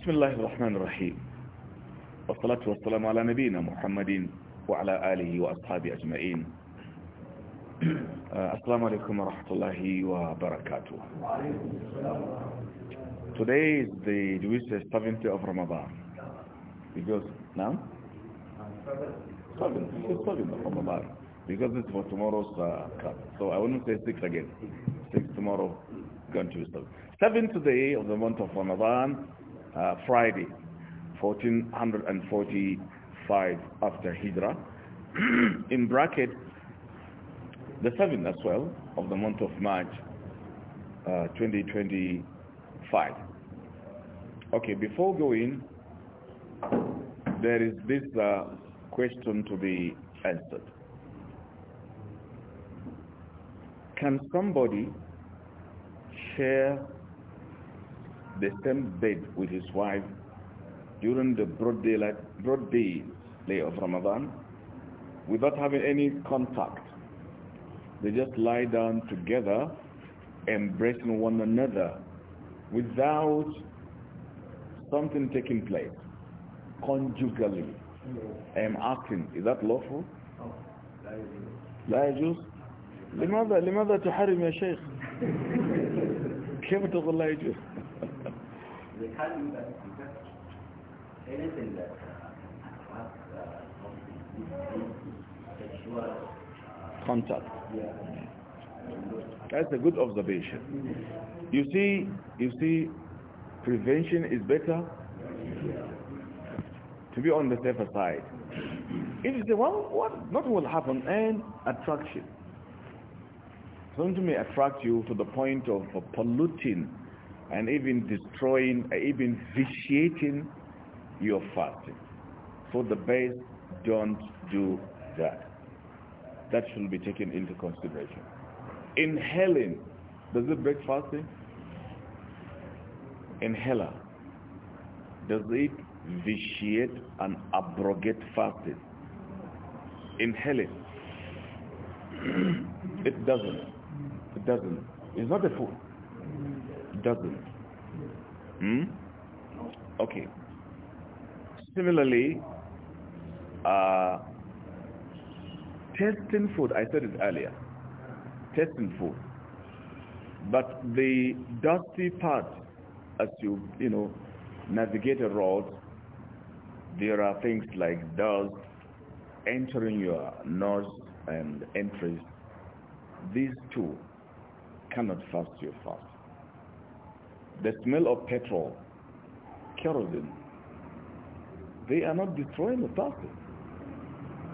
بسم الله الرحمن الرحيم والصلاة والسلام على نبينا محمد وعلى آله وأصحابه أجمعين Assalamu عليكم ورحمة الله وبركاته Today is the Jewish 70th of Ramadan. Because now? 7th. It's 7th of Ramadan. Because it's for tomorrow's uh, cup. So I wouldn't say 6 again. 6 tomorrow, going to be 7. 7 day of the month of Ramadan, uh, Friday, 1445 after Hijrah, in bracket, the 7th as well of the month of March, uh, 2025. Okay, before going, there is this uh, question to be answered. Can somebody share the same bed with his wife during the broad daylight, broad day of Ramadan without having any contact. They just lie down together, embracing one another without something taking place conjugally. I am asking, is that lawful? لا يجوز لماذا لماذا تحرم يا شيخ كيف تقول لا يجوز they can't do that because anything that has uh, sexual contact. Yeah. That's a good observation. You see, you see, prevention is better to be on the safer side. If you say, well, what, nothing will happen, and attraction. Something may attract you to the point of polluting and even destroying, even vitiating your fasting. So the best, don't do that. That should be taken into consideration. Inhaling, does it break fasting? Inhaler, does it vitiate and abrogate fasting? Inhaling, it doesn't. It doesn't. It's not a food doesn't. Hmm? Okay. Similarly, uh, testing food, I said it earlier, testing food. But the dusty part, as you, you know, navigate a road, there are things like dust entering your nose and entries. These two cannot fast your fast the smell of petrol, kerosene, they are not destroying the plastic.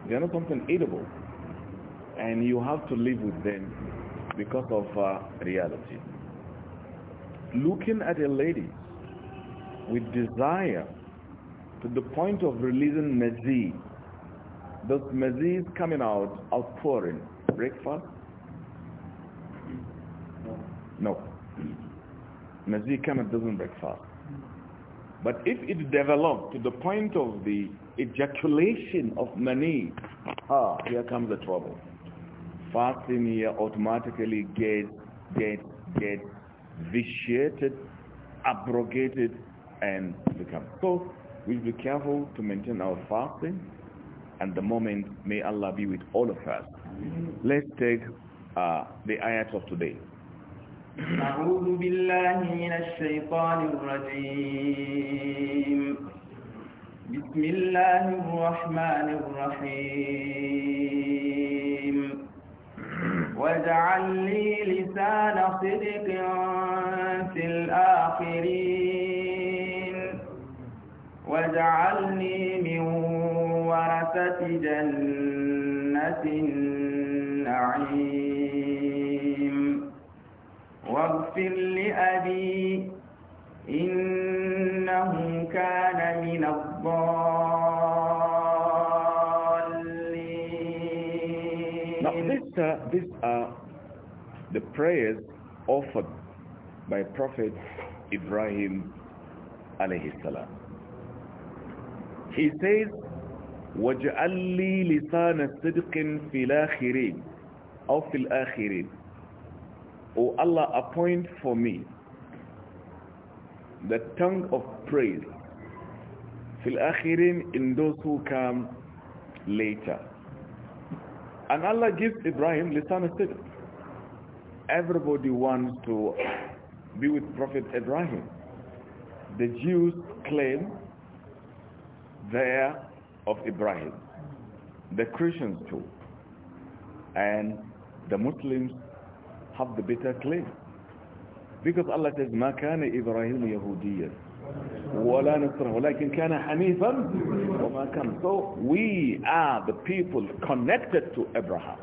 They are not something edible. And you have to live with them because of uh, reality. Looking at a lady with desire to the point of releasing mazi, those mazi coming out, outpouring. Breakfast? No. no. Masjid Kamat doesn't break fast. But if it developed to the point of the ejaculation of money, ah, here comes the trouble. Fasting here automatically gets, get get vitiated, abrogated, and become. So we be careful to maintain our fasting. And the moment, may Allah be with all of us. Let's take uh, the ayat of today. أعوذ بالله من الشيطان الرجيم بسم الله الرحمن الرحيم واجعل لي لسان صدق في الآخرين واجعلني من ورثة جنة النعيم واغفر لأبي إنه كان من الضالين Now these, uh, these are the prayers offered by Prophet Ibrahim alayhi salam. He says, وَجَعَلِّي لِسَانَ صِدْقٍ فِي الْآخِرِينَ أو في الآخرين O oh Allah, appoint for me the tongue of praise fil akhirin in those who come later. And Allah gives Ibrahim lisan sidr. Everybody wants to be with Prophet Ibrahim. The Jews claim their of Ibrahim. The Christians too. And the Muslims have the better claim. Because Allah says, ما كان إبراهيم يهوديا ولا نصره ولكن كان حنيفا وما كان. So we are the people connected to Abraham.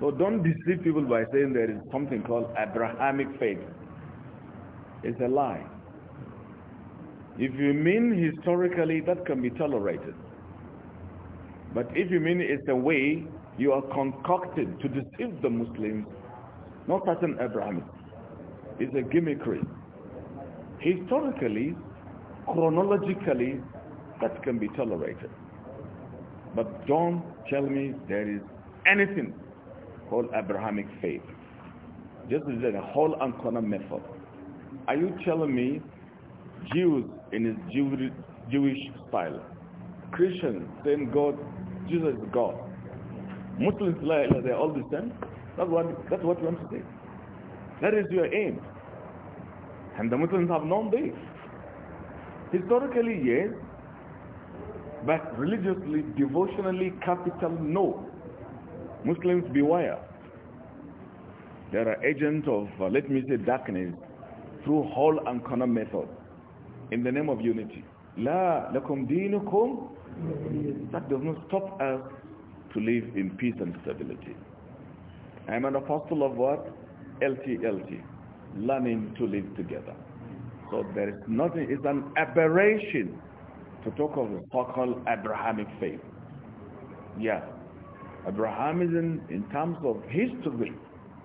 So don't deceive people by saying there is something called Abrahamic faith. It's a lie. If you mean historically, that can be tolerated. But if you mean it's a way you are concocted to deceive the Muslims, not pattern Abrahamic. It's a gimmickry. Historically, chronologically, that can be tolerated. But don't tell me there is anything called Abrahamic faith. Just is a whole and corner method. Are you telling me Jews in his Jewish style, Christians saying God, Jesus is God, Muslims lie, they all the same. That's what, that's what you want to say. That is your aim. And the Muslims have known this. Historically, yes, but religiously, devotionally, capital, no. Muslims, beware. They are agents of, uh, let me say, darkness through whole and corner method in the name of unity. La lakum dinukum. That does not stop us to live in peace and stability. I'm an apostle of what? LTLT, learning to live together. So there is nothing, it's an aberration to talk of the so-called Abrahamic faith. Yeah, Abrahamic in terms of history,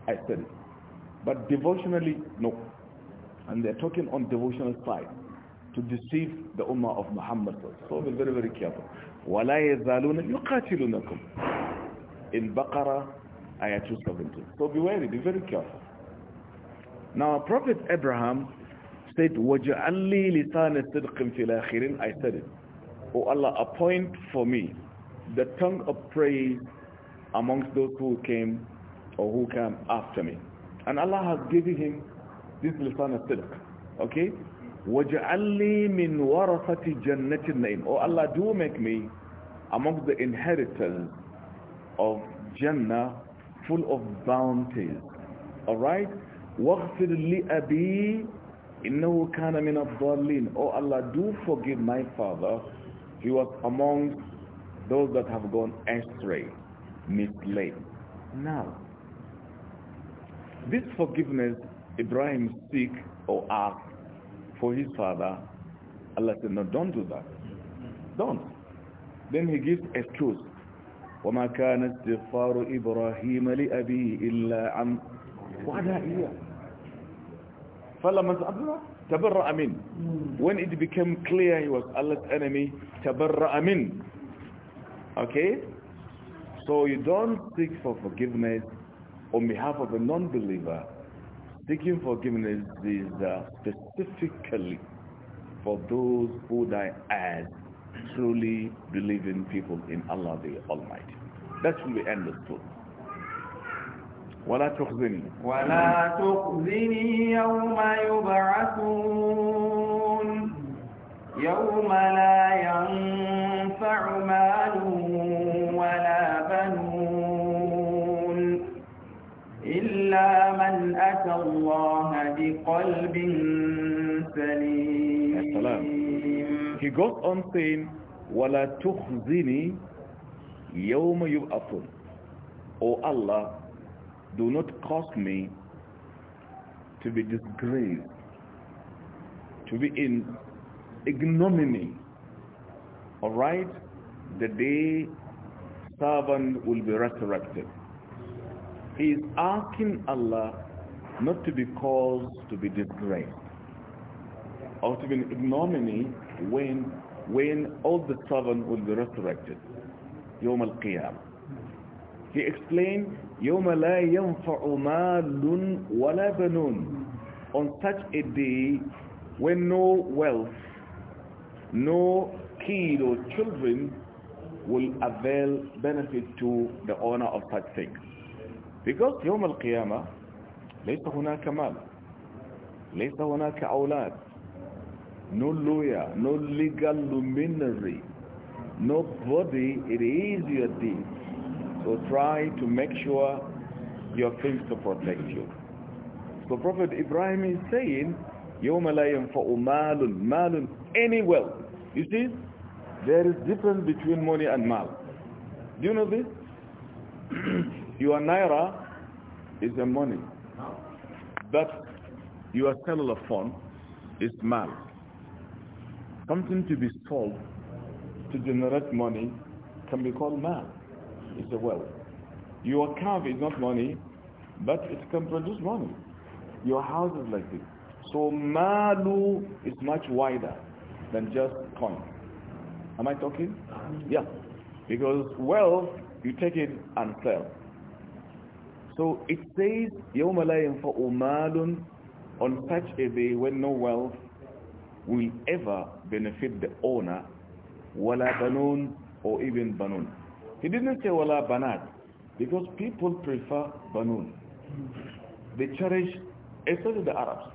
I said it. But devotionally, no. And they're talking on devotional side to deceive the Ummah of Muhammad. So be very, very careful. ولا يزالون يقاتلونكم البقرة ayah 217 so be wary be very careful now prophet Abraham said وَجَعَلْ لِي لِسَانَ صِدْقٍ فِي الْآخِرِينَ I said it O oh Allah appoint for me the tongue of praise amongst those who came or who come after me and Allah has given him this lisan al-sidq okay وَجَعَلْنِي مِنْ وَرَثَةِ جَنَّةِ النَّعِيمِ Oh Allah, do make me among the inheritors of Jannah full of bounties. Alright? وَغْفِرْ لِأَبِي إِنَّهُ كَانَ مِنَ الضَّالِّينَ Oh Allah, do forgive my father. He was among those that have gone astray, misled. Now, this forgiveness Ibrahim seek or ask for his father, Allah said, no, don't do that. Don't. Then he gives excuse. وما كان استغفار إبراهيم لأبيه إلا عن وعلى إياه فلما تأبنا تبرأ منه when it became clear he was Allah's enemy تبرأ Amin. okay so you don't seek for forgiveness on behalf of a non-believer Seeking forgiveness is uh, specifically for those who die as truly believing people in Allah the Almighty. That should be understood. ولا تخزني ولا تخزني يوم يبعثون يوم لا ينفع مال ولا بنون إلا من أتى الله بقلب سليم He goes on saying ولا تخزني يوم يبعثون O Allah do not cause me to be disgraced to be in ignominy all right the day servant will be resurrected he is asking Allah not to be caused to be disgraced or to be ignominy when, when all the servants will be resurrected. يوم القيامة. He explained, يوم لا ينفع مال ولا بنون. On such a day when no wealth, no kid or children will avail benefit to the owner of such things because يوم القيامة ليس هناك مال ليس هناك أولاد no lawyer no legal luminary nobody it is your deed so try to make sure your things to protect you so Prophet Ibrahim is saying "You لا ينفع مال مال any wealth you see there is difference between money and mal do you know this Your naira is a money. But your cellular phone is mal. Something to be sold to generate money can be called mal. It's a wealth. Your car is not money, but it can produce money. Your house is like this. So malu is much wider than just coin. Am I talking? Uh-huh. Yeah. Because wealth, you take it and sell. So it says, يَوْمَ لَا يَنْفَعُ مَالٌ On such a day when no wealth will ever benefit the owner, وَلَا بَنُونَ or even banun." He didn't say وَلَا banat because people prefer banun. They cherish, especially the Arabs.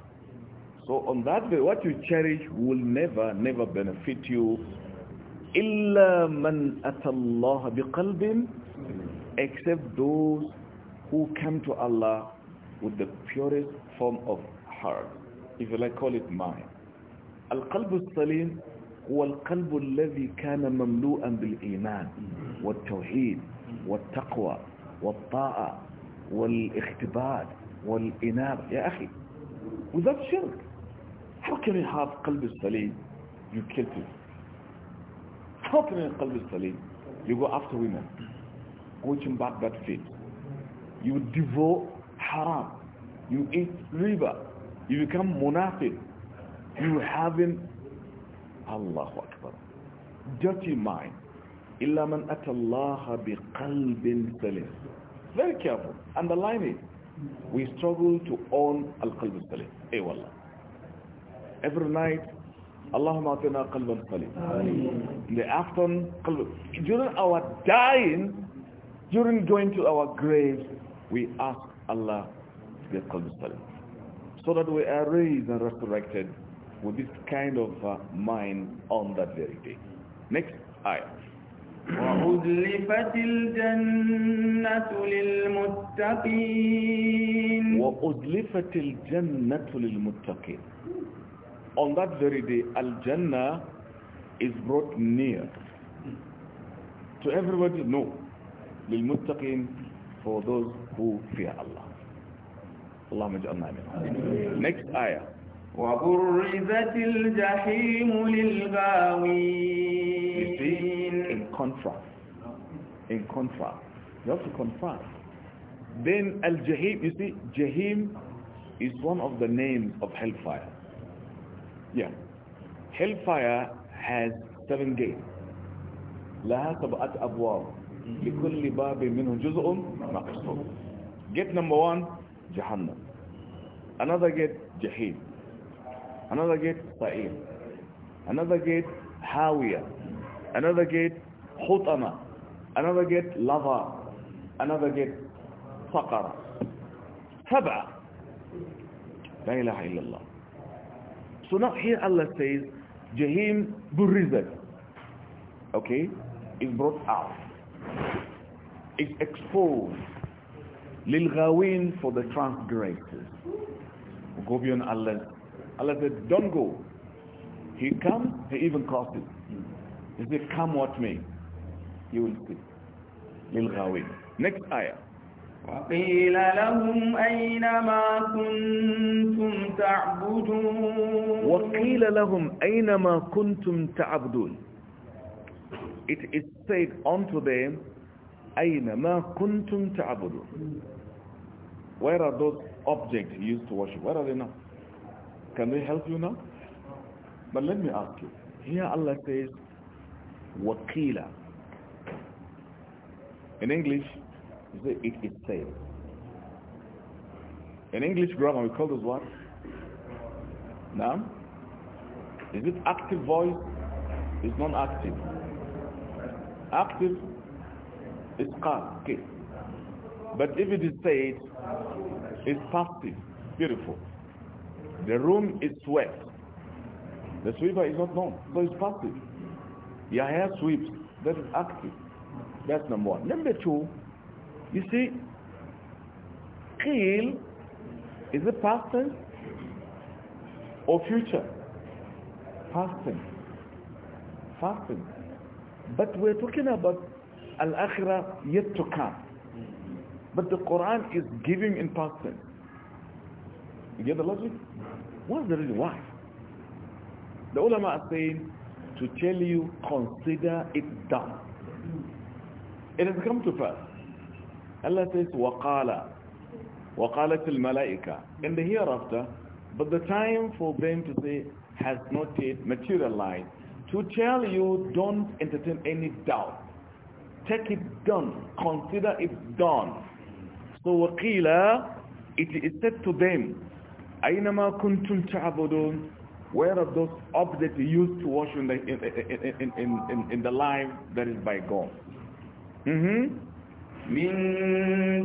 So on that day, what you cherish will never, never benefit you إِلَّا مَنْ أَتَى اللَّهَ بِقَلْبٍ except those who come to Allah with the purest form of heart, if you like call it mind. القلب السليم هو القلب الذي كان مملوءا بالإيمان والتوحيد والتقوى والطاعة والاختبار والإنابة يا أخي without shirk how can you have قلب السليم you killed him. how can you have قلب السليم you go after women going back that faith you devour haram, you eat riba, you become munafiq, you having Allahu Akbar, dirty mind. إِلَّا مَنْ أَتَى bi بِقَلْبٍ salim. Very careful. Underline it. We struggle to own al-qalb salim. Hey, wallah. Every night, اللهم qalb al salim. in the afternoon qalb. during our dying during going to our graves we ask Allah to get Qalb So that we are raised and resurrected with this kind of uh, mind on that very day. Next ayah. وأزلفت الجنة للمتقين وأزلفت الجنة للمتقين On that very day, Al-Jannah is brought near to everybody. No, للمتقين for those محبوب فيها الله اللهم اجعلنا منهم next ayah وبرزت الجحيم للغاوين in contrast in contrast you have to contrast then al-jahim you see jahim is one of the names of hellfire yeah hellfire has seven gates لها سبعة أبواب لكل باب منه جزء مقصود Gate number one, Jahannam. Another gate, Jahim. Another gate, Sa'ir. Another gate, Hawiyah. Another gate, Hutama. Another gate, Lava. Another gate, Saqara. Sab'a. La ilaha illallah. So now here Allah says, Jahim Burizat. Okay? Is brought out. Is exposed. Lilghawin for the transgressors. Gobion Allah. Allah said, don't go. He comes, he even it. He said, come watch me. You will see. Lilghawin. Next ayah. وقيل لهم أين ما كنتم تعبدون وقيل لهم أين ما كنتم تعبدون It is said unto them where are those objects used to worship? Where are they now? Can they help you now? But let me ask you. Here Allah says, "Waqila." In English, you say it is said. In English grammar, we call this what? Now? Is it active voice? It's non-active. Active it's calm, okay. But if it is said, it's passive, beautiful. The room is swept. The sweeper is not known, so it's passive. Your hair sweeps, that is active. That's number one. Number two, you see, kill is a past tense or future? Past tense. Past tense. But we're talking about al-akhirah yet to come. But the Quran is giving in person. You get the logic? What's the reason why? The ulama are saying, to tell you, consider it done. It has come to pass. Allah says, وَقَالَ وَقَالَتِ الْمَلَائِكَ In the hereafter, but the time for them to say has not yet materialized. To tell you, don't entertain any doubt. Take it done. Consider it done. So Waqila, It is said to them, أَيْنَمَا كُنْتُمْ تَعْبُدُونَ Where are those objects you used to worship in the, in, in, in, in the life that is by God? Mm-hmm. من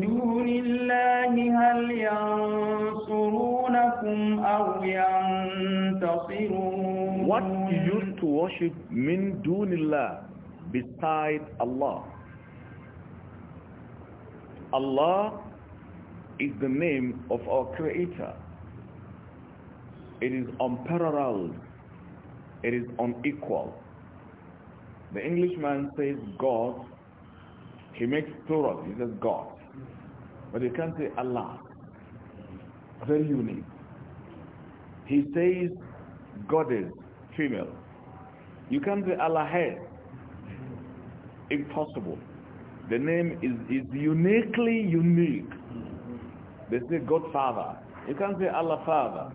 دون الله هل ينصرونكم أو ينتصرون What you used to worship من دون الله beside Allah. Allah is the name of our Creator. It is unparalleled. It is unequal. The Englishman says God. He makes plural. He says God. But you can't say Allah. Very unique. He says goddess, female. You can't say Allah head impossible. The name is, is uniquely unique. They say Godfather. You can't say Allah Father.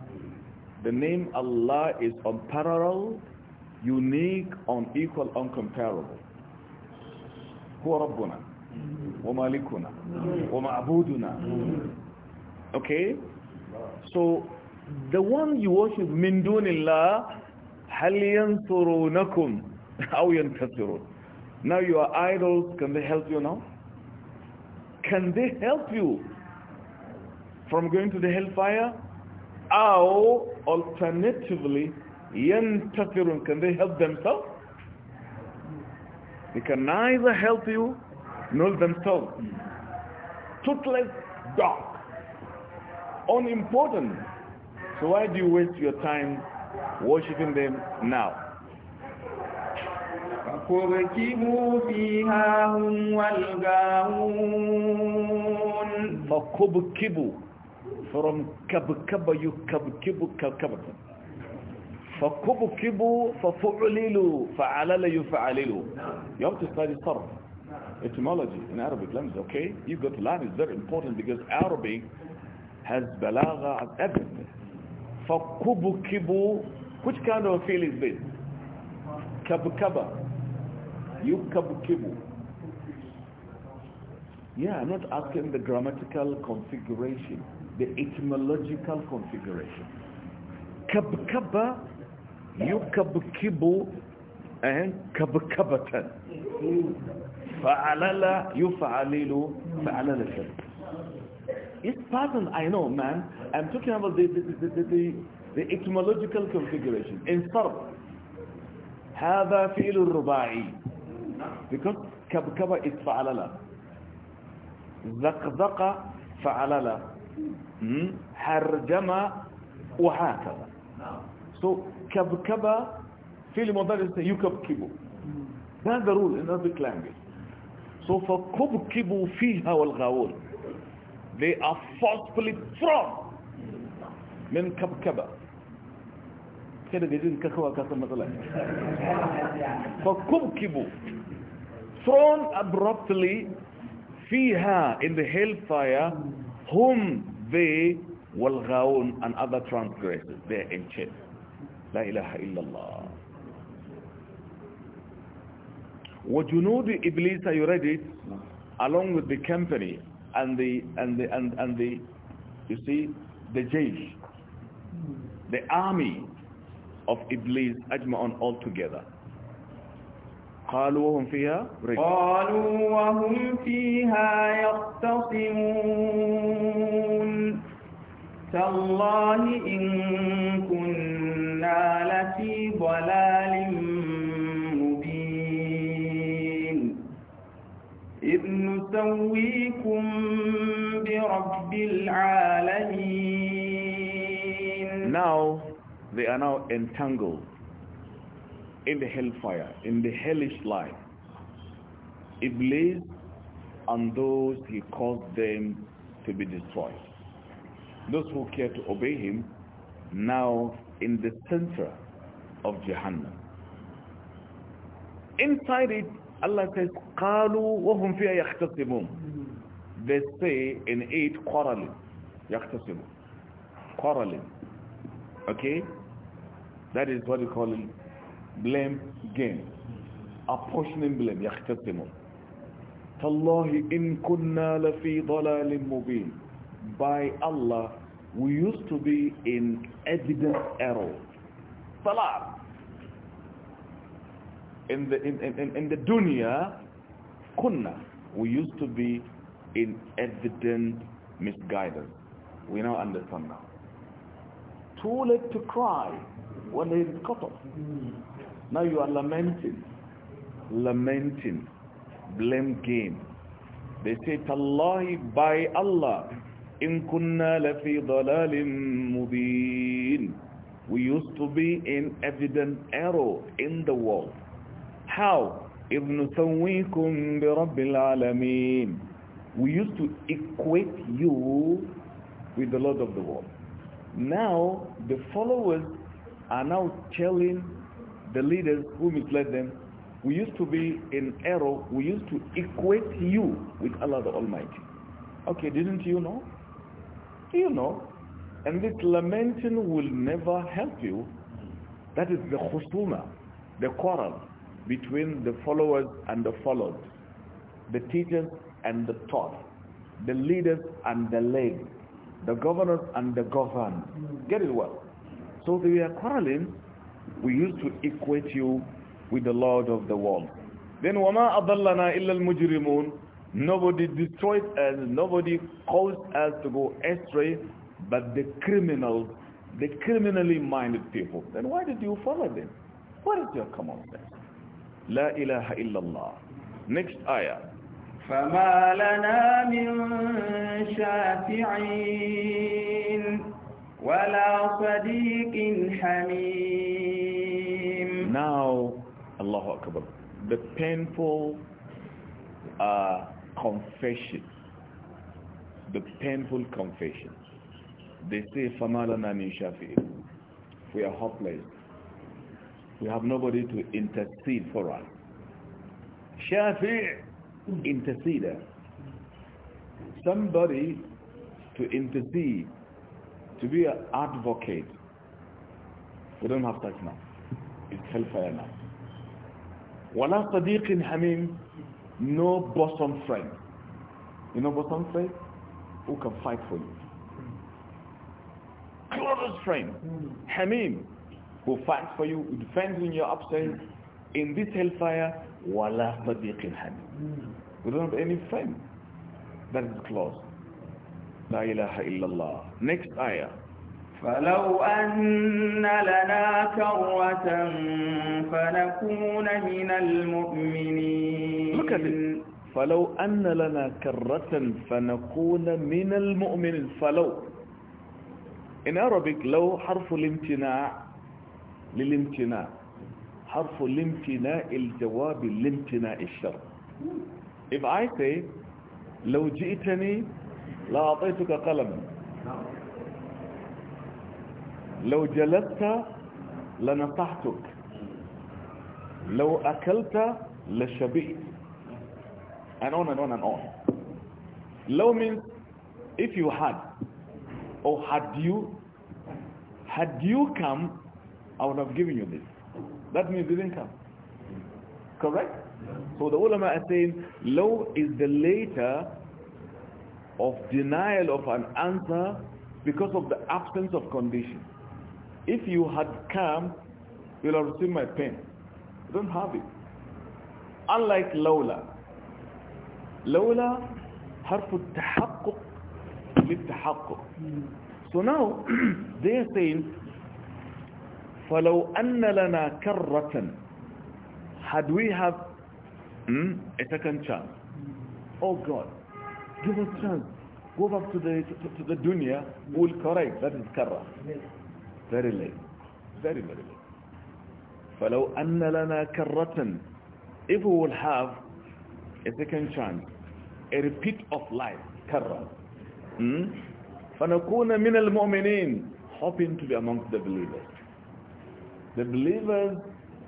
The name Allah is unparalleled, unique, unequal, uncomparable. هو ربنا ومالكنا ومعبودنا Okay? So the one you worship من دون الله هل ينصرونكم أو ينتصرون now you are idols, can they help you now? Can they help you from going to the hellfire? Or alternatively, ينتقرون, can they help themselves? They can neither help you nor themselves. Toothless dog. Unimportant. So why do you waste your time worshipping them now? كبكبوا فيها هم والغاوون فكبكبوا فرم كبكب يكبكب كبكب فكبكبوا ففعللوا فعلل يفعللوا you have to study صرف etymology in Arabic language okay you got to learn it's very important because Arabic has balagha and everything فكبكبوا which kind of feel is this kabkaba Yukabukibu. Yeah, I'm not asking the grammatical configuration, the etymological configuration. Kabkaba, yukabukibu, and kabkabatan. Fa'alala, yufa'alilu, fa'alala It's pattern, I know, man. I'm talking about the, the, the, the, the etymological configuration. In sarf, هذا فعل الرباعي because kabkaba is fa'alala zaqzaqa fa'alala hmm? harjama وهكذا so كبكبة في المضارع يكبكبوا هذا رول in Arabic language so فكبكبوا فيها والغاول they are forcefully thrown من كبكبة كده جديد كخوة كاسم مثلا فكبكبوا thrown abruptly fiha in the hellfire whom they wal and other transgressors they are in chains la ilaha illallah وجنود ابليس you ready along with the company and the and the and, and the you see the jinn the army of iblis ajma'un all together قالوا وهم فيها قالوا وهم فيها يختصمون تالله إن كنا لفي ضلال مبين إذ نسويكم برب العالمين Now they are now entangled in the hellfire, in the hellish life. blazed, and those he caused them to be destroyed. Those who care to obey him, now in the center of Jahannam. Inside it, Allah says, قَالُوا وَهُمْ فِيهَا يَخْتَصِمُونَ They say in it, quarreling. يَخْتَصِمُونَ Quarreling. Okay? That is what we call it blame gain apportioning blame يختتمون تالله إن كنا fi ضلال مبين by Allah we used to be in evident error salat in the in, in, in the dunya kunna we used to be in evident misguidance we now understand now too late to cry when there is cut off now you are lamenting, lamenting, blame game. They say, Tallahi, by Allah, in kunna lafi dalalim mubin. We used to be in evident error in the world. How? إِذْ نُسَوِّيكُمْ بِرَبِّ الْعَالَمِينَ We used to equate you with the Lord of the world. Now, the followers are now telling the leaders who misled them, we used to be in error, we used to equate you with Allah the Almighty. Okay, didn't you know? You know. And this lamenting will never help you. That is the khusuma, the quarrel between the followers and the followed, the teachers and the taught, the leaders and the led, the governors and the governed. Get it well. So they are quarreling we used to equate you with the Lord of the world. Then وَمَا أَضَلَّنَا إِلَّا الْمُجْرِمُونَ Nobody destroyed us, nobody caused us to go astray, but the criminals, the criminally minded people. Then why did you follow them? What is your commandment? sense? La ilaha illallah. Next ayah. فما لنا من شافعين ولا صديق حميم Now, Allah the painful uh, confession, the painful confession. They say, famalana لَنَا مِنْ We are hopeless. We have nobody to intercede for us. Shafi' intercede. Somebody to intercede to be an advocate. We don't have that now. It's hellfire now. وَلَا صَدِيقٍ حَمِيمٍ No bosom friend. You know bosom friend? Who can fight for you? Closest friend, Hamim, who fights for you, defends when you absence, In this hellfire, وَلَا صَدِيقٍ حَمِيمٍ We don't have any friend that is close. لا إله إلا الله next ayah فلو أن لنا كرة فنكون من المؤمنين Look at it. فلو أن لنا كرة فنكون من المؤمنين فلو In Arabic لو حرف الامتناع للامتناع حرف الامتناع الجواب الامتناع الشر If I say لو جئتني لا أعطيتك قلم لو جلست لنصحتك لو أكلت لشبعت and on and on and on لو means if you had or had you had you come I would have given you this that means you didn't come correct so the ulama is saying low is the later of denial of an answer because of the absence of condition. If you had come, you'll have received my pain. You don't have it. Unlike Lola. Lola حرف التحقق So now they are saying فَلَوْ أَنَّ لَنَا كَرَّةً Had we have hmm, a second chance. Oh God, Give a chance. Go back to the, to, to the dunya, we'll correct. That is karra. Very late. Very, very late. فَلَوْ أَنَّ لَنَا كَرَّةً If we will have a second chance, a repeat of life, karra. Hmm? فَنَكُونَ مِنَ الْمُؤْمِنِينَ Hoping to be amongst the believers. The believers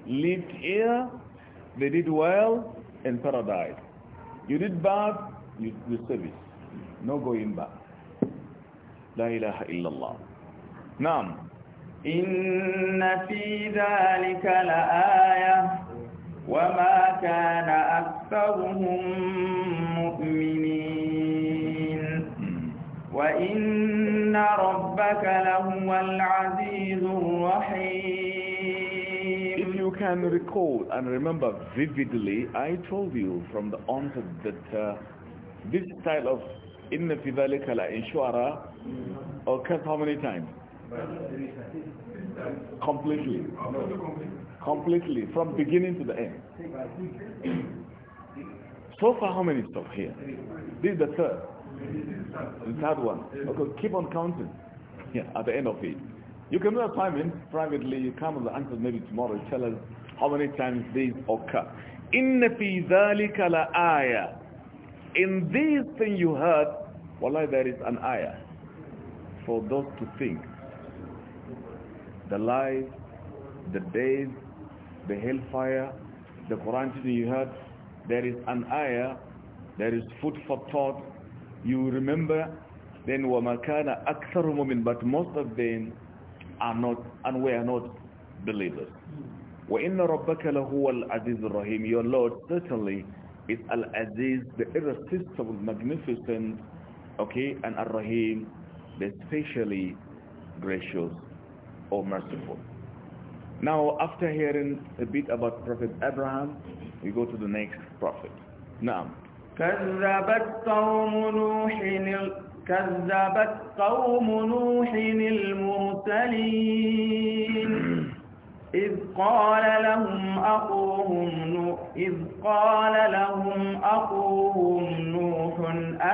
lived here, they did well in paradise. You did bad, you, you No going back. La ilaha Naam. Inna fi dhalika la hmm. If you can recall and remember vividly, I told you from the onset that uh, this style of inna fi dhalika la inshwara occurs how many times? Completely. Completely, from beginning to the end. So far, how many stop here? This is the third. The third one. Okay, keep on counting. Yeah, at the end of it. You can do assignment privately. You come with the maybe tomorrow. Tell us how many times these occur. fi فِي ذَلِكَ لَآيَةً in this thing you heard, wallahi there is an ayah for those to think. The life, the days, the hellfire, the Quran you heard, there is an ayah, there is food for thought. You remember, then وَمَا كَانَ أَكْثَرُ مُؤْمِنٍ But most of them are not, and we are not believers. وَإِنَّ رَبَّكَ لَهُوَ الْعَزِيزُ الرَّحِيمُ Your Lord certainly is Al-Aziz, the irresistible, magnificent, okay, and Ar-Rahim, the specially gracious or merciful. Now, after hearing a bit about Prophet Abraham, we go to the next prophet. Now. كذبت قوم نوح كذبت قوم نوح المرسلين إذ قال لهم أخوهم نوح إذ قال لهم أخوهم نوح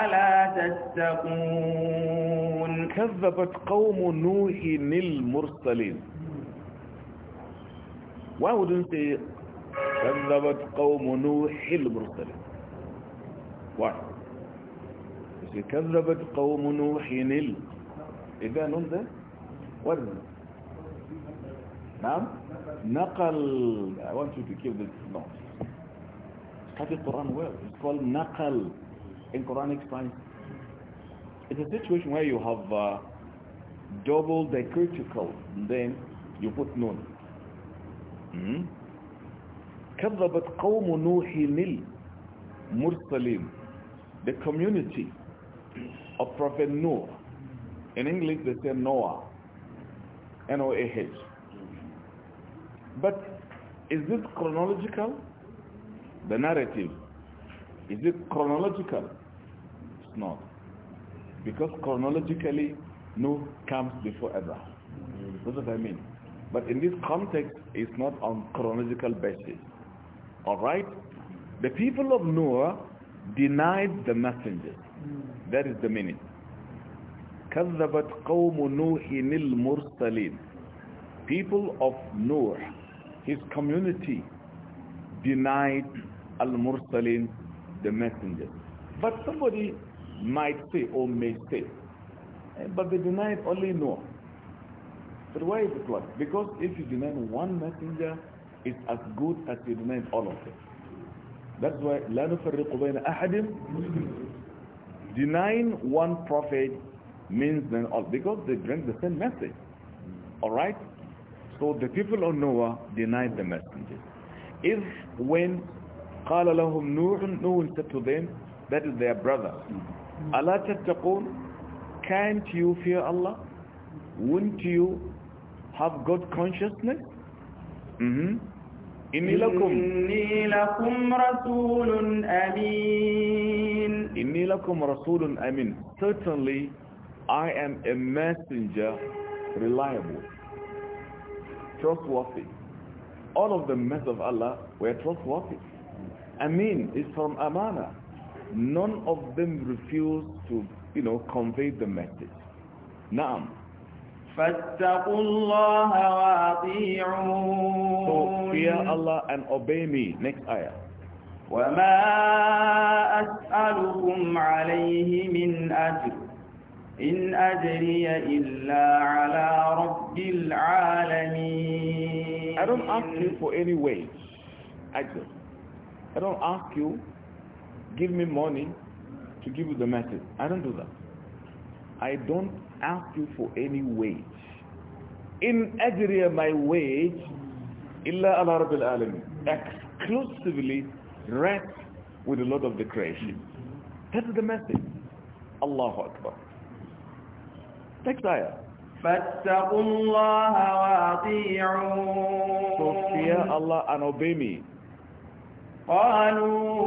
ألا تتقون كذبت قوم نوح المرسلين you say كذبت قوم نوح المرسلين واحد كذبت قوم نوح ال إذا نون وزن نعم Naqal. I want you to keep this note. Study Quran well. It's called Naqal in Quranic science. It's a situation where you have uh, double the critical, then you put Nun. Hmm? كذبت قوم نوح المرسلين the community of Prophet Noah. In English, they say Noah, N-O-A-H. But is this chronological? The narrative, is it chronological? It's not. Because chronologically, no comes before Abraham. That's what I mean. But in this context, it's not on chronological basis. Alright? The people of Noah denied the messengers. That is the meaning. كذبت قوم نوح المرسلين people of Noah his community denied al-mursalin, the messenger. But somebody might say or may say, eh, but they denied only Noah. But why is it like? Because if you deny one messenger, it's as good as you deny all of them. That's why Lā نفرق بين Denying one prophet means then all because they bring the same message. All right? So the people of Noah denied the messengers. If when قال لهم نوح Noah said to them, that is their brother, ألا تتقون? Can't you fear Allah? Wouldn't you have God consciousness? Mm -hmm. إني لكم إني لكم رسول أمين إني لكم رسول أمين Certainly I am a messenger reliable trustworthy. All of the mess of Allah were trustworthy. Amin is from Amana. None of them refused to, you know, convey the message. Naam. فَاتَّقُوا اللَّهَ وَأَطِيعُونَ So fear Allah and obey me. Next ayah. وَمَا أَسْأَلُكُمْ عَلَيْهِ مِنْ أَجْرٍ إن أجري إلا على رب العالمين I don't ask you for any wage don't. I don't ask you give me money to give you the message I don't do that I don't ask you for any wage in أجري my wage إلا على رب العالمين exclusively rests with the Lord of the creation that is the message Allahu Akbar Next ayah. فَاتَّقُوا اللَّهَ وَأَطِيعُونَ So fear Allah and obey me. قالوا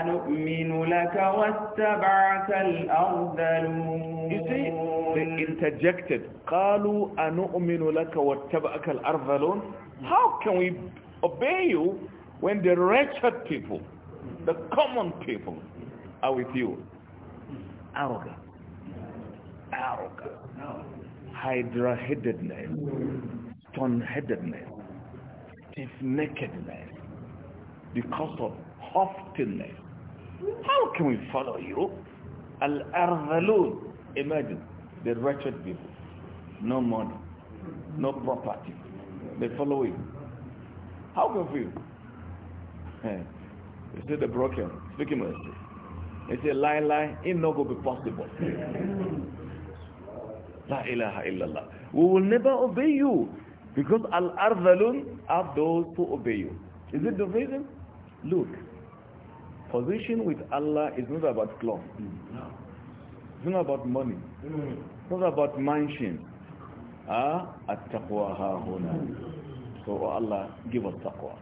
أنؤمن لك واتبعك الأرذلون You see, they interjected قالوا أنؤمن لك واتبعك الأرذلون How can we obey you when the wretched people, the common people are with you? Arrogant stroke, hydra-headedness, stone-headedness, stiff-neckedness, because of haughtiness. How can we follow you? Al-Arzalun. Imagine the wretched people. No money, no property. They follow you. How can we? You see the broken, speaking mercy. you. say, lie, lie, it no go be possible. La ilaha illallah. We will never obey you because al-ardhalun are those who obey you. Is it the reason? Look, position with Allah is not about cloth. No. It's not about money. It's not about mansion. Ah, at-taqwa ha huna. So oh Allah, give us taqwa.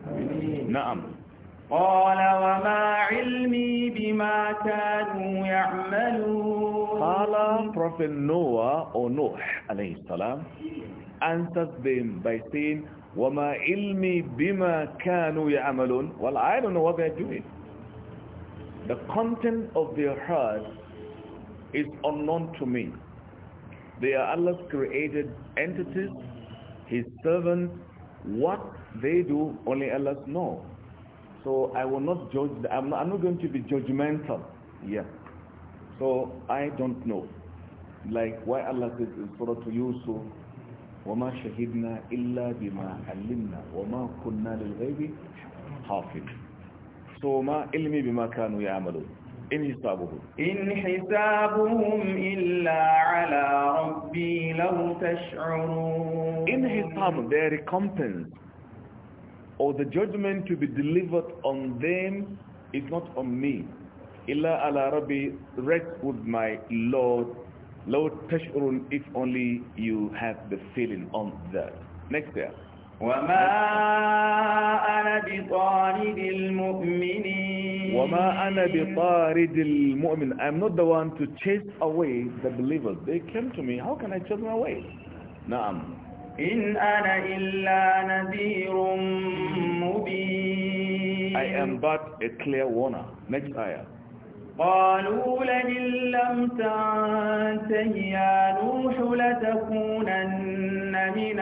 Naam. قال وما علمي بما كانوا يعملون قال Prophet Noah or Noah عليه السلام answers them by saying وما علمي بما كانوا يعملون well I don't know what they're doing the content of their heart is unknown to me they are Allah's created entities his servants what they do only Allah knows so I will not judge, I'm not, I'm not going to be judgmental. Yeah. So I don't know. Like why Allah says in Surah to Yusuf, وَمَا شَهِدْنَا إِلَّا بِمَا عَلِّمْنَا وَمَا كُنَّا لِلْغَيْبِ حَافِظ So مَا إِلْمِي بِمَا كَانُوا يَعْمَلُونَ إن حسابهم إن حسابهم إلا على ربي لو تشعرون In حسابهم their recompense or the judgment to be delivered on them is not on me إلا al-Rabbi, rest with my Lord Lord تشعرون if only you have the feeling on that next there وما أنا بطارد المؤمنين وما أنا بطارد المؤمن I'm not the one to chase away the believers they came to me how can I chase them away نعم إن أنا إلا نذير مبين I am but a clear warner. Next ayah. قالوا لئن لم تنته يا نوح لتكونن من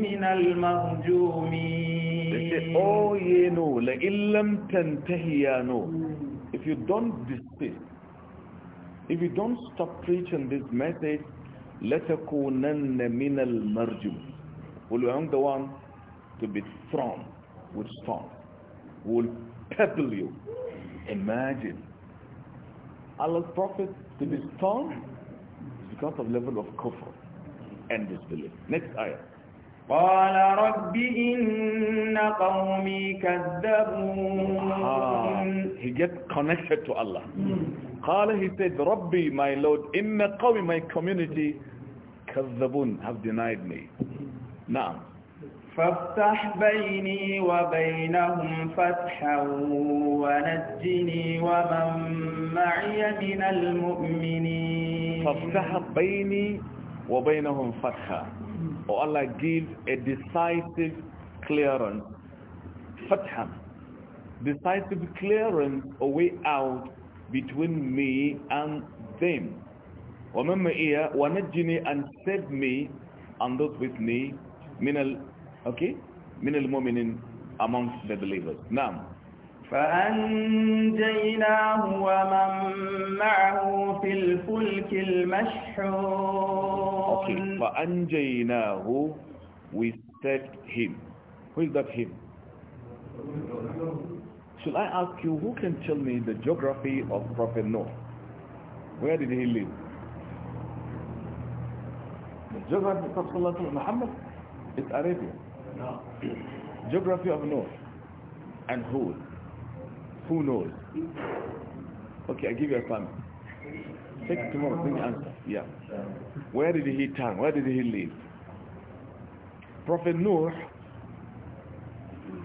من المرجومين. They say, oh ye no, لئن لم تنته يا نوح If you don't desist, if you don't stop preaching this message, لَتَكُونَنَّ مِنَ الْمَرْجُمِ Will be the one to be strong, with strong, Will pebble you. Imagine. Allah's Prophet to be strong is because of level of kufr and disbelief. Next ayah. قال رب إن قومي كذبون He gets connected to Allah. Hmm. قال he said ربي my Lord إن Qawi, my community كذبون have denied me Now, فافتح بيني وبينهم فتحا ونجني ومن معي من المؤمنين فافتح بيني وبينهم فتحا Oh Allah give a decisive clearance فتحا decisive clearance a way out between me and them. وَمَنْ مَئِيَا وَنَجِّنِي And save me and those with me من ال... okay? من المؤمنين amongst the believers. Now, فأنجيناه ومن معه في الفلك المشحون Okay, فأنجيناه we saved him. Who is that him? Should I ask you, who can tell me the geography of Prophet Noah? Where did he live? The geography of Prophet Muhammad is Arabia. No. Geography of Noah and who? Who knows? Okay, i give you a sample. Take it tomorrow, bring answer. Yeah. Where did he turn? Where did he live? Prophet Noah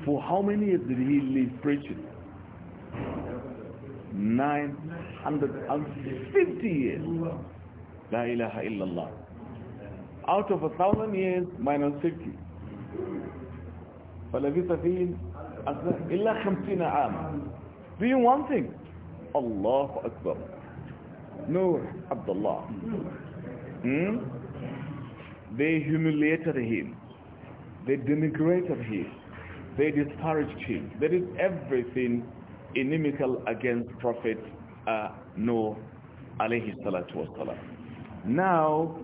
for how many years did he live preaching? 950 years. La ilaha illallah. Out of a thousand years, minus 50. فلبث فيه إلا خمسين عام. you want thing. Allah Akbar. Nur Abdullah. Hmm? They humiliated him. They denigrated him. They discouraged him. There is everything inimical against Prophet uh, Noah alayhi salatu wasalam. Now,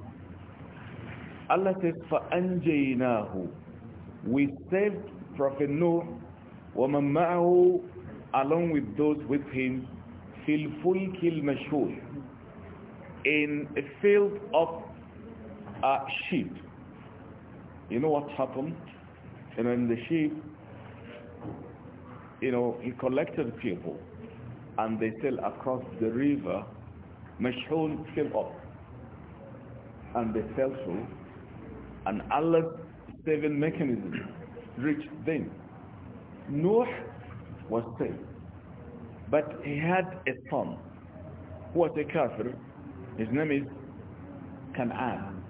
Allah says, فَأَنْجَيْنَاهُ We saved Prophet Noah وَمَنْ مَعَهُ along with those with him fil fulkil mashhur in a field of uh, sheep you know what happened and when the sheep you know, he collected people and they sail across the river. Mashhul came up and they fell through and Allah's saving mechanism reached them. Noah was saved, but he had a son who was a kafir. His name is Canaan.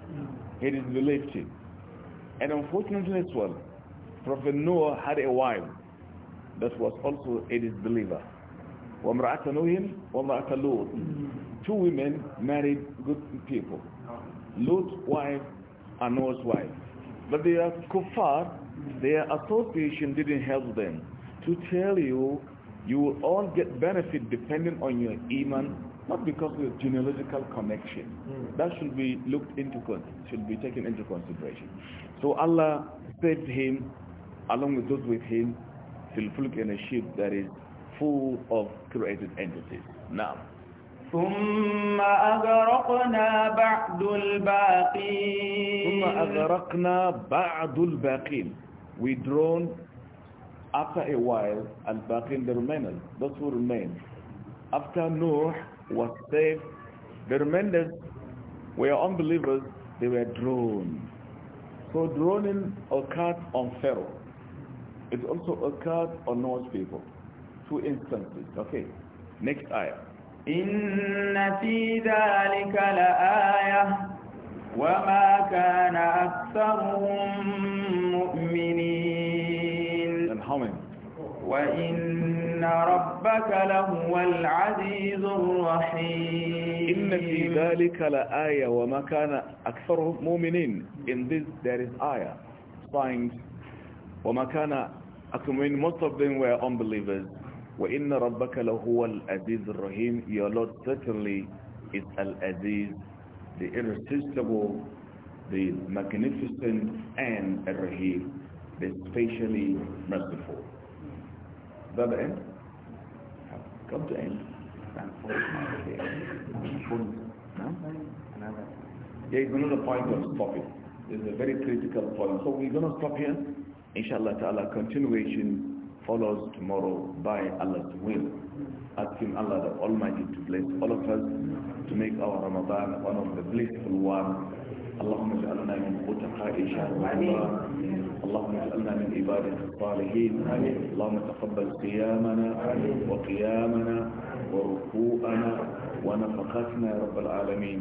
He disbelieved him. And unfortunately as well, Prophet Noah had a wife that was also a disbeliever. وَمْرَأَةَ نُوهِمْ وَمْرَأَةَ لُوتٍ Two women married good people. Lut's wife and Noah's wife. But they are kuffar. Their association didn't help them. To tell you, you will all get benefit depending on your iman not because of the genealogical connection. Mm. That should be looked into, should be taken into consideration. So Allah saved him along with those with him filfulk in a ship that is full of created entities. Now. ثم أغرقنا بعد الباقين ثم أغرقنا بعد الباقين We drawn after a while in the remainers those who remained after Noah was saved the remainers were unbelievers they were drawn so drowning occurred on Pharaoh it also occurred on Noah's people. Two instances. Okay. Next ayah. Inna fi dhalika la ayah wa ma kana aktharuhum mu'minin. And how many? Wa inna rabbaka lahuwal azizur rahim. Inna fi dhalika la ayah wa ma kana aktharuhum mu'minin. In this there is ayah. Signed. وما كان mean, most of them were unbelievers. وَإِنَّ رَبَّكَ لَهُوَ الْعَزِيزُ الرَّحِيمُ Your Lord certainly is Al-Aziz, the irresistible, the magnificent, and Ar-Rahim, the spatially merciful. that the end? Come to end. Yeah, it's another point of stopping. It's a very critical point. So we're going to stop here. inshallah ta'ala continuation follows tomorrow by Allah's will asking Allah the Almighty to bless all of us to make our Ramadan one of the blissful ones اللهم اجعلنا من اتقاء شهر اللهم اجعلنا من عبادك الصالحين اللهم تقبل صيامنا وقيامنا وركوعنا ونفقاتنا يا رب العالمين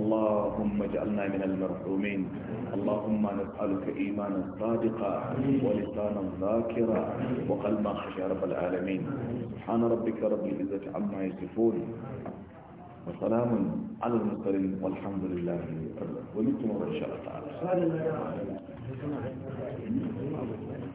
اللهم اجعلنا من المرحومين اللهم نسألك إيمانا صادقا ولسانا ذاكرا وقلبا خشيا رب العالمين سبحان ربك رب العزة عما يصفون وسلام على المرسلين والحمد لله رب العالمين ولكم ان شاء الله تعالى